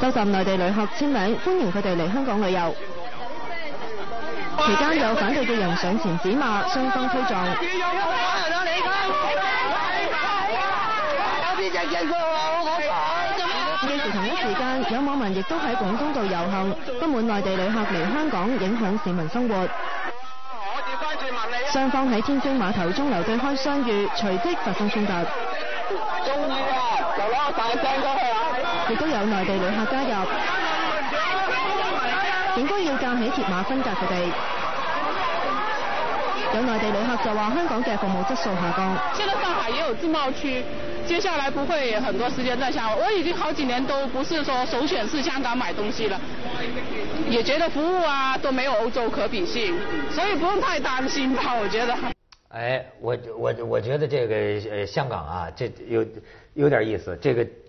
收集內地旅客簽名，歡迎佢哋嚟香港旅遊。期間有反對嘅人上前指罵，雙方推撞。幾、啊、時、啊、同一時間有網民亦都喺廣東度遊行，不滿內地旅客嚟香港影響市民生活。雙方喺天星碼頭中流對開相遇，隨即發生衝突。亦都有內地旅客加入，哎哎哎、應該要架起鐵馬分隔佢哋。有內地旅客就話香港嘅服務質素下降。現在上海也有自貿區，接下來不會很多時間再下。我已經好幾年都不是說首選是香港買東西了，也覺得服務啊都沒有歐洲可比性，所以不用太擔心吧，我覺得。哎，我我我覺得這個、呃、香港啊，這有有點意思，這個